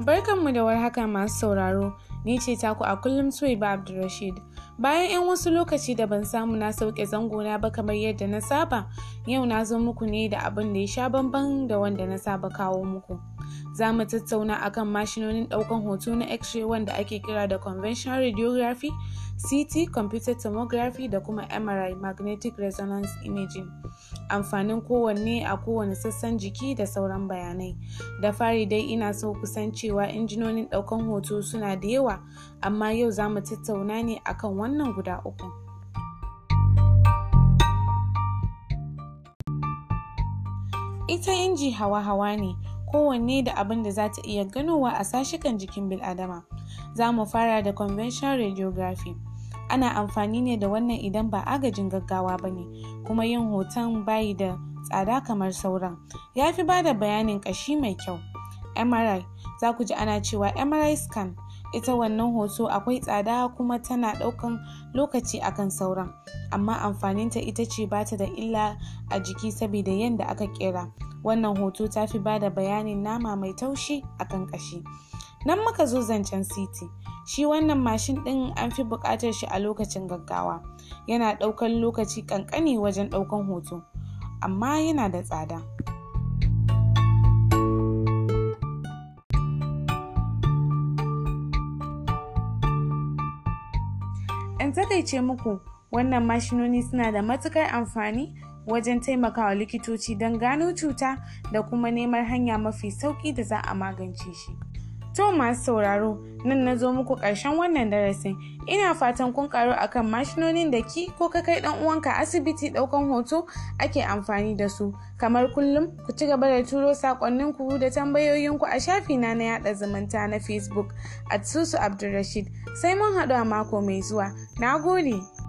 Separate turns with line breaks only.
Barkanmu da warhaka masu sauraro, ni ce taku a kullum Suwaiba Abdulrashid. Bayan 'yan wasu lokaci da ban samu na sauke zangona ba kamar yadda na saba, yau na zo muku ne da abin da ya sha bamban da wanda na saba kawo muku. Za mu tattauna akan mashinonin ɗaukan hoto na X-ray wanda ake kira da conventional radiography, CT, computer tomography da kuma MRI, magnetic resonance imaging. amfanin kowanne a kowane sassan jiki da sauran bayanai da fari dai ina so kusan cewa injinonin ɗaukan hoto suna da yawa amma yau za mu tattauna ne akan wannan guda uku ita inji hawa-hawa ne kowanne da abin da za ta iya ganowa a sashikan jikin bil'adama za mu fara da conventional radiography ana amfani ne da wannan idan ba agajin gaggawa ba ne kuma yin hoton bayi da tsada kamar sauran ya fi ba da bayanin ƙashi mai kyau mri za ku ji ana cewa mri scan ita wannan hoto akwai tsada kuma tana ɗaukan lokaci akan sauran amma amfaninta ita ce ba ta da illa a jiki saboda yadda aka kera wannan hoto ta fi ba da bayanin nama mai taushi akan ƙashi nan muka zo zancen city shi wannan mashin ɗin an fi buƙatar shi a lokacin gaggawa yana ɗaukar lokaci ƙanƙani wajen ɗaukan hoto amma yana da tsada in takaice muku wannan mashinoni suna da matukar amfani wajen taimakawa likitoci don gano cuta da kuma neman hanya mafi sauƙi da za a magance shi To masu sauraro, nan na zo muku ƙarshen wannan darasin. Ina fatan kun karu akan mashinonin da ki ko ka kai ɗan uwanka asibiti ɗaukan hoto ake amfani da su. Kamar kullum, ku ci gaba da turo sakonninku da tambayoyinku a shafina na yada zumunta na Facebook, at Susu Abdulrashid. Sai mun haɗu a mako mai zuwa. Na gode.